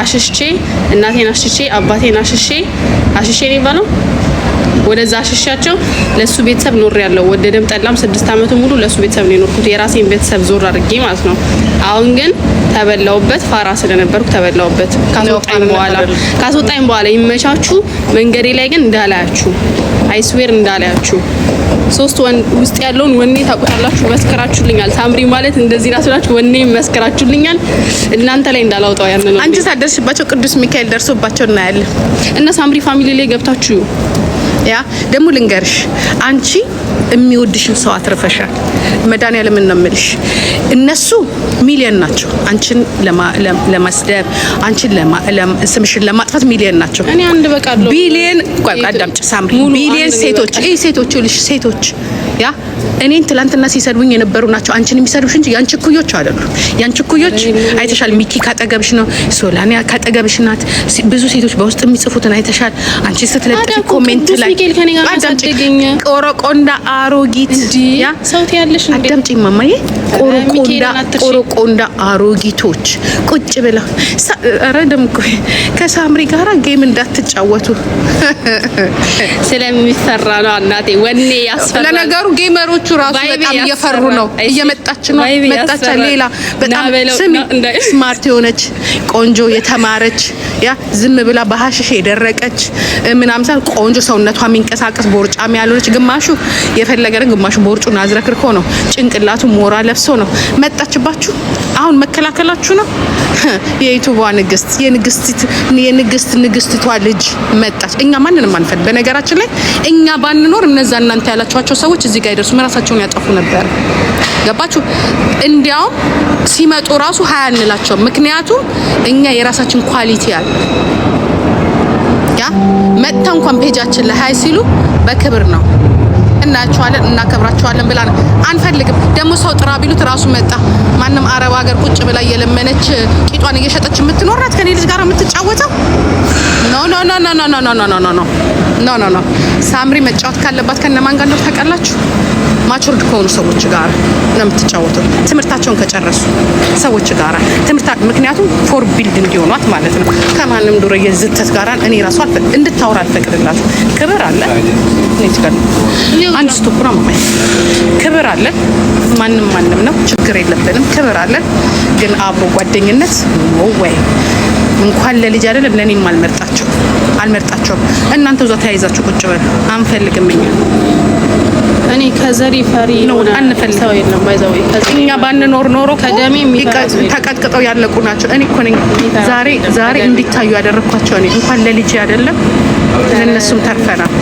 አሽሽቼ እናቴን አሽሽቼ አባቴን አሽሼ አሽሼ ነው የሚባለው። ወደዛ አሽሻቸው ለሱ ቤተሰብ ኖር ያለው ወደደም ጠላም ስድስት አመቱ ሙሉ ለሱ ቤተሰብ ነው የኖርኩት። የራሴን ቤተሰብ ዞር አድርጌ ማለት ነው። አሁን ግን ተበላውበት፣ ፋራ ስለነበርኩ ተበላውበት። ካስወጣኝ በኋላ ካስወጣኝ በኋላ ይመቻችሁ። መንገዴ ላይ ግን እንዳላያችሁ፣ አይስዌር እንዳላያችሁ ሶስት ውስጥ ያለውን ወኔ ታውቁታላችሁ፣ መስከራችሁልኛል። ታምሪ ማለት እንደዚህ ናት ብላችሁ ወኔ መስከራችሁልኛል። እናንተ ላይ እንዳላውጣው ያን ነው። አንቺ ሳደርሽባቸው ቅዱስ ሚካኤል ደርሶባቸው እናያለን። እነ ሳምሪ ፋሚሊ ላይ ገብታችሁ ያ ደግሞ ልንገርሽ አንቺ የሚወድሽን ሰው አትርፈሻል። መድኃኒዓለምን ነው የምልሽ። እነሱ ሚሊየን ናቸው፣ አንቺን ለማስደብ አንቺን ስምሽን ለማጥፋት ሚሊየን ናቸው። ቢሊየን ሳምሪ ቢሊየን ሴቶች ሴቶች ልሽ ሴቶች ያ እኔን ትላንትና ሲሰድቡኝ የነበሩ ናቸው። አንቺን የሚሰድቡሽ እንጂ ያንቺ እኩዮች አይደሉም። ያንቺ እኩዮች አይተሻል። ሚኪ ካጠገብሽ ነው፣ ሶላኒያ ካጠገብሽ ናት። ብዙ ሴቶች በውስጥ የሚጽፉትን አይተሻል። አንቺ ስትለጥፊ ኮሜንት ላይ ቆሮቆንዳ አሮጊት ሰውት ያለሽ አዳምጪ ማማዬ፣ ቆሮቆንዳ አሮጊቶች ቁጭ ብለው ኧረ ደግሞ ከሳምሪ ጋራ ጌም እንዳትጫወቱ ስለሚፈራ ነው። እናቴ ወኔ ያስፈራ ለነገሩ ጌመሩ ሰዎቹ ራሱ በጣም እየፈሩ ነው። እየመጣች ነው መጣች። ሌላ በጣም ስሚ፣ ስማርት የሆነች ቆንጆ የተማረች ያ ዝም ብላ በሀሽሽ የደረቀች ምናምን ሳይሆን ቆንጆ ሰውነቷ የሚንቀሳቀስ ቦርጫም ያልሆነች ግማሹ የፈለገ ግማሹ ቦርጩን አዝረክርኮ ነው፣ ጭንቅላቱ ሞራ ለብሶ ነው መጣችባችሁ። አሁን መከላከላችሁ ነው። የዩቱቧ ንግስት የንግስት ንግስቲቷ ልጅ መጣች። እኛ ማንንም አንፈል። በነገራችን ላይ እኛ ባንኖር እነዛ እናንተ ያላችኋቸው ሰዎች እዚህ ጋር ይደርሱ። ራሳቸውን ያጠፉ ነበር። ገባችሁ? እንዲያውም ሲመጡ ራሱ ሀያ እንላቸው። ምክንያቱም እኛ የራሳችን ኳሊቲ አለ። ያ መጥታ እንኳን ፔጃችን ላይ ሀይ ሲሉ በክብር ነው እናያቸዋለን እናከብራቸዋለን ብላ አንፈልግም። ደግሞ ሰው ጥራ ቢሉት ራሱ መጣ። ማንም አረብ ሀገር ቁጭ ብላ እየለመነች ቂጧን እየሸጠች የምትኖራት ከኔ ልጅ ጋር የምትጫወተው ኖ ኖ ኖ ኖ ኖ ኖ ኖ ኖ ኖ ኖ ኖ ሳምሪ መጫወት ካለባት ከነማን ጋር ነው ታውቃላችሁ? ማቹርድ ከሆኑ ሰዎች ጋር ነው የምትጫወተው። ትምህርታቸውን ከጨረሱ ሰዎች ጋር ትምህርታ ምክንያቱም ፎር ቢልድ እንዲሆኗት ማለት ነው። ከማንም ዱረ የዝተት ጋር እኔ ራሱ አልፈቅድ እንድታወራ አልፈቅድላችሁ። ክብር አለ አንድ ስቶፕራ ማማይ ክብር አለን። ማንም ማንም ነው ችግር የለብንም። ክብር አለን። ግን አብሮ ጓደኝነት ወይ እንኳን ለልጅ አይደለም ለእኔም አልመርጣቸው አልመርጣቸውም። እናንተ እዛ ተያይዛችሁ ቁጭ በል አንፈልግም። እኛ እኔ ከዘሪ ፈሪ የለም እኛ ባንኖር ኖሮ ከደሜ ተቀጥቅጠው ያለቁ ናቸው። እኔ እኮ ነኝ ዛሬ ዛሬ እንዲታዩ ያደረኳቸው እኔ እንኳን ለልጅ አይደለም ለእነሱም ተርፈናል።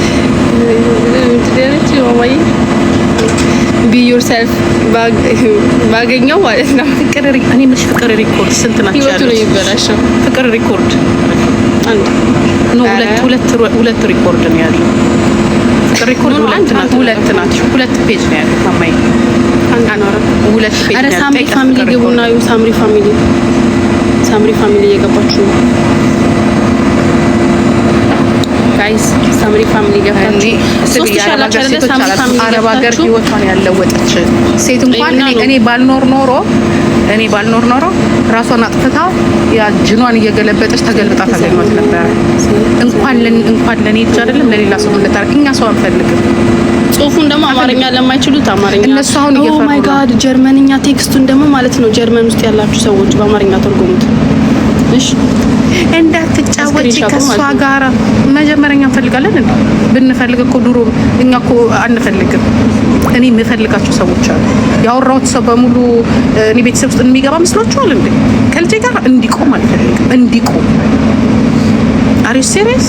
ቢ ዩርሰልፍ ባገኘው ማለት ነው። ፍቅር እኔ የምልሽ ፍቅር ሪኮርድ ስንት ናቸው ያሉት? ነው የሚበላሸው ፍቅር ሪኮርድ አንድ ሁለት ሁለት ሁለት ሪኮርድ ነው ያለው። ፍቅር ሪኮርድ ሁለት ናቸው ሁለት ናቸው ሁለት ፔጅ ነው ያለው። ማማዬ ሁለት ሳምሪ ፋሚሊ ግቡና ሳምሪ ፋሚሊ ሳምሪ ፋሚሊ እየገባችሁ ነው ጋይስ ሳምሪ ፋሚሊ አረብ ሀገር ህይወቷን ያለወጠች ሴት እንኳን እኔ ባልኖር ኖሮ እኔ ባልኖር ኖሮ ራሷን አጥፍታ ያ ጅኗን እየገለበጠች ተገልብጣ ታገኟት ነበረ። እንኳን እንኳን ለእኔ ብቻ አይደለም ለሌላ ሰው እንታረ እኛ ሰው አንፈልግም። ጽሁፉን ደግሞ አማርኛ ለማይችሉት አማርኛ እነሱ አሁን ኦ ማይ ጋድ ጀርመንኛ ቴክስቱን ደግሞ ማለት ነው ጀርመን ውስጥ ያላችሁ ሰዎች በአማርኛ ተርጉሙት። ትንሽ እንዳትጫወጪ ከእሷ ጋራ መጀመሪያኛ እንፈልጋለን እ ብንፈልግ እኮ ድሮ እኛ እኮ አንፈልግም። እኔ የምፈልጋቸው ሰዎች አሉ። ያወራሁት ሰው በሙሉ እኔ ቤተሰብ ውስጥ የሚገባ መስሏችኋል እንዴ? ከልጄ ጋር እንዲቆም አልፈልግም። እንዲቆም አሪ ሴሪየስ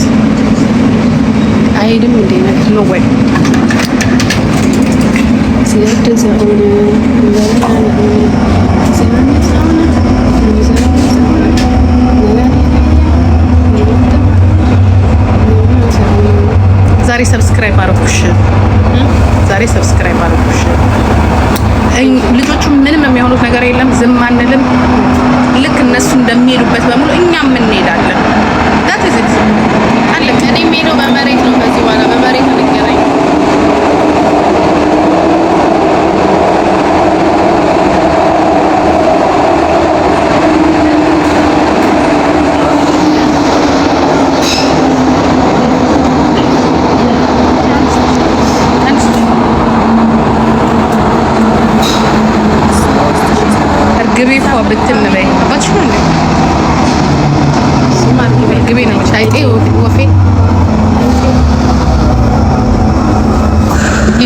አይሄድም እንዴ ነው ወይ ስለዚህ ዛሬ ሰብስክራይብ አድርጉሽ፣ ዛሬ ሰብስክራይብ አረኩሽ። ልጆቹ ምንም የሚሆኑት ነገር የለም። ዝም አንልም። ልክ እነሱ እንደሚሄዱበት በሙሉ እኛም እንሄዳለን። ዳት እዚህ አለ። እኔ የምሄደው በመሬት ነው። ከዚህ በኋላ በመሬት እንገናኝ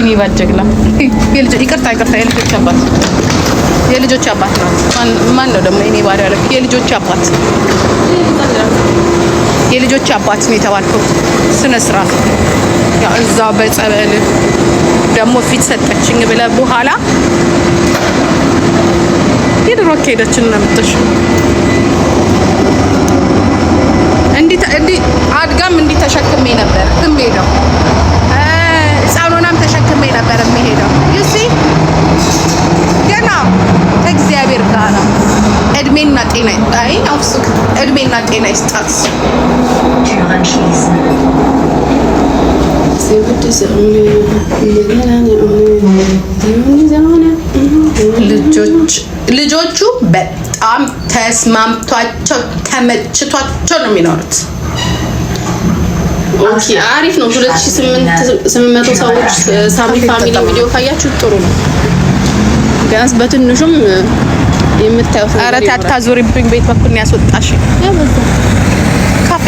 ሀቢቢ ባጀግላ ይቅርታ፣ ይቅርታ፣ የልጆች አባት የልጆች አባት ነው። ማን ነው ደግሞ? እኔ ባሪያ ያለው የልጆች አባት የልጆች አባት ነው የተባልከው። ስነ ስርዓት ያው እዛ በጸበል ደግሞ ፊት ሰጠችኝ ብለ በኋላ የድሮ ከሄደችን ነው የምትሽ እንዲህ አድጋም እንዲህ ተሸክሜ ነበር ዝም ሄደው ሕፃኑንም ተሸክሜ ነበር የሚሄደው ዩሲ ገና ከእግዚአብሔር ጋር እድሜና ጤና አይ አውሱ እድሜና ጤና ይስጣት። ልጆች ልጆቹ በጣም ተስማምቷቸው ተመችቷቸው ነው የሚኖሩት። አሪፍ ነው። 2800 ሰዎች ሳምሪ ፋሚሊ ቪዲዮ ካያችሁ ጥሩ ነው። ቢያንስ በትንሹም የምታዩት ኧረ ታታ ዙሪብኝ ቤት በኩል ያስወጣሽ ካፌ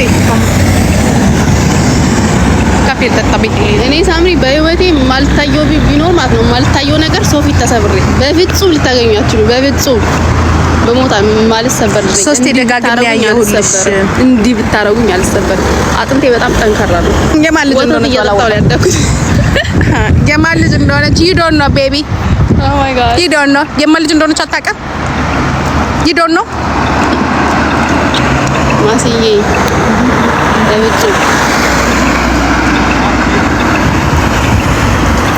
ልብ የተጠበቅ እኔ ሳምሪ በህይወቴ ማልታየው ቢኖር ማለት ነው ማልታየው ነገር ሰው ፊት ተሰብሬ በፍጹም ልታገኛችሁ በፍጹም በሞታ ማልሰበር ልጅ ሶስት ደጋግሜ ያየሁልሽ እንዲህ ብታረጉኝ አልሰበር። አጥንቴ በጣም ጠንካራ ነው። የማን ልጅ እንደሆነች ያላወጣው ያደኩት የማን ልጅ እንደሆነች you don't know baby oh my god you don't know የማን ልጅ እንደሆነች አታውቅም። you don't know ማስዬ ለብቻ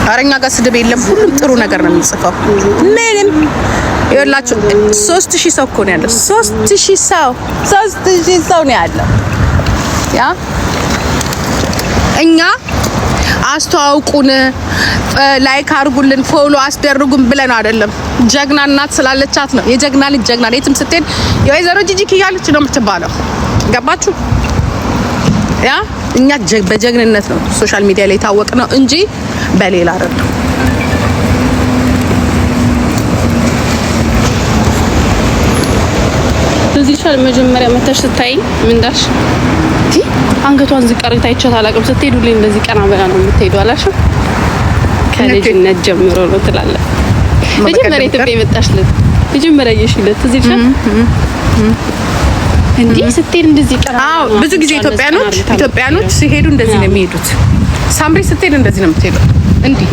አረኛ ጋር ስድብ የለም። ሁሉም ጥሩ ነገር ነው የሚጽፈው። ምንም ይኸውላችሁ፣ ሶስት ሺህ ሰው እኮ ነው ያለው። ሶስት ሺህ ሰው ሶስት ሺህ ሰው ነው ያለው። ያ እኛ አስተዋውቁን፣ ላይክ አድርጉልን፣ ፎሎ አስደርጉን ብለን አይደለም። ጀግና እናት ስላለቻት ነው። የጀግና ልጅ ጀግና የትም ስትሄድ የወይዘሮ ጂጂ ኪያለች ነው የምትባለው። ገባችሁ? ያ እኛ በጀግንነት ነው ሶሻል ሚዲያ ላይ የታወቅ ነው እንጂ በሌላ አይደለም። እዚህ ሻል መጀመሪያ መተሽ ስታይ ምንዳሽ አንገቷን ዝቅ አድርጋ አይቻት አላውቅም። ስትሄዱ ላይ እንደዚህ ቀና ብላ ነው የምትሄዱ። አላሽ ከልጅነት ጀምሮ ነው ትላለ። መጀመሪያ ኢትዮጵያ የመጣሽለት መጀመሪያ እየሽለት እዚህ ሻል እንዲህ ስትሄድ እንደዚህ ይቀራል። አዎ ብዙ ጊዜ ኢትዮጵያኖች ኢትዮጵያኖች ሲሄዱ እንደዚህ ነው የሚሄዱት። ሳምሪ ስትሄድ እንደዚህ ነው የምትሄደው። እንዲህ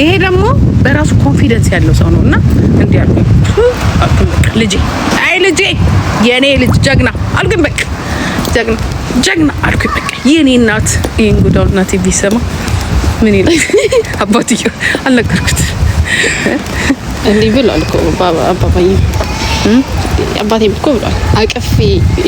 ይሄ ደግሞ በራሱ ኮንፊደንስ ያለው ሰው ነውና እንዲህ ያልኩኝ ልጄ፣ አይ ልጄ፣ የኔ ልጅ ጀግና አልኩኝ። በቃ ጀግና ጀግና አልኩኝ። በቃ የኔ እናት ይሄን ጉዳው እናት ቢሰማ ምን ይላል? አባትዬው አልነገርኩት እንዲህ ብሏል እኮ አባባዬ አባቴ እኮ ብሏል አቅፌ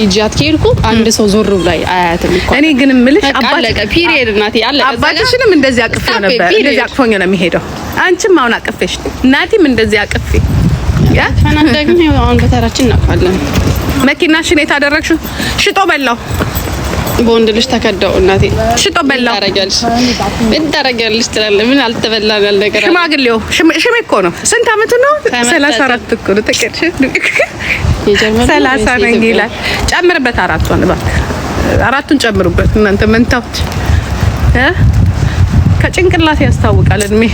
ይጃት ከሄድኩ አንድ ሰው ዞር ብሎ አያትም እኮ። እኔ ግን እምልሽ አባለቀ ፒሪየድ እናቴ አለቀ። አባትሽንም እንደዚህ አቅፌ ነበር፣ እንደዚህ አቅፎኝ ነው የሚሄደው። አንቺም አሁን አቅፌሽ፣ እናቴም እንደዚህ አቅፌ ያ ደግሞ አሁን በተራችን እናውቃለን። መኪናሽን የታደረግሽው ሽጦ በላው በወንድ ልጅ ተከደው እናቴ ሽጦ በላ ታረጋለሽ እንታረጋለሽ ትላለህ። ምን አልተበላ ያለ ነገር ሽማግሌው ሽሜ እኮ ነው። ስንት አመቱ ነው? 34 እኮ ነው። ይጀምራል። 30 ነኝ ይላል። ጨምርበት፣ አራቱን እባክህ፣ አራቱን ጨምሩበት እናንተ መንታዎች እ ከጭንቅላት ያስታውቃል እድሜ።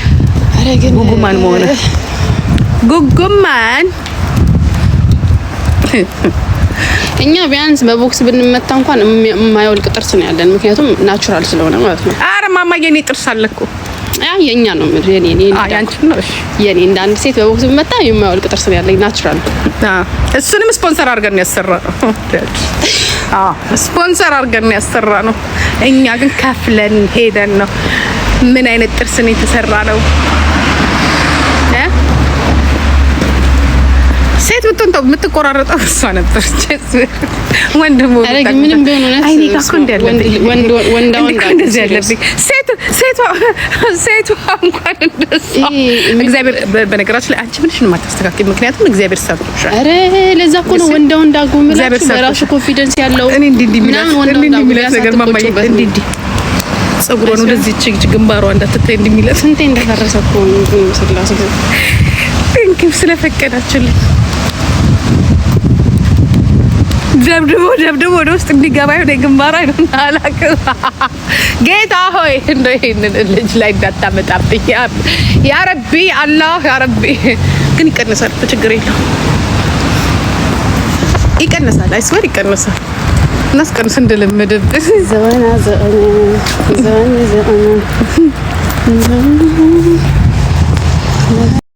አረ ግን ጉጉማን መሆነ ጉጉማን እኛ ቢያንስ በቦክስ ብንመታ እንኳን የማይወልቅ ጥርስ ነው ያለን፣ ምክንያቱም ናቹራል ስለሆነ ማለት ነው። አረ ማማ የኔ ጥርስ አለ እኮ የእኛ ነው የኔ። እንደ አንድ ሴት በቦክስ ብንመታ የማይወልቅ ጥርስ ነው ያለኝ፣ ናቹራል። እሱንም ስፖንሰር አድርገን ያሰራ ነው፣ ስፖንሰር አድርገን ያሰራ ነው። እኛ ግን ከፍለን ሄደን ነው። ምን አይነት ጥርስ ነው የተሰራ ነው? ብትንተው የምትቆራረጠው እሷ ነበረች። ወንድም ምንም ቢሆን እንደዚህ ሴቷ እንኳን እንደሷ እግዚአብሔር በነገራችን ላይ አንቺ ምንሽን የማታስተካክል ምክንያቱም እግዚአብሔር ለዛ እኮ ነው ወንዳ ወንዳ ጎምላችሁ በራሱ ኮንፊደንስ ያለው እኔ እንዲህ እንዲህ የሚላት ነገር እንዲህ እንዲህ ጸጉሯን ወደዚህ ግንባሯ እንዳትታይ እንዲህ ስንቴ እንደፈረሰ እኮ ነው ስላስ ቴንኪው ስለፈቀዳችሁልኝ። ደብድቦ ደብድቦ ወደ ውስጥ እንዲገባ የሆነ ግንባራ አላቅ ጌታ ሆይ እንደ ይህንን ልጅ ላይ እንዳታመጣብኝ ያረቢ አላህ ያረቢ። ግን ይቀንሳል፣ ችግር የለው ይቀንሳል። አይስበር ይቀንሳል። እናስቀንስ እንድልምድብ ዘና ዘና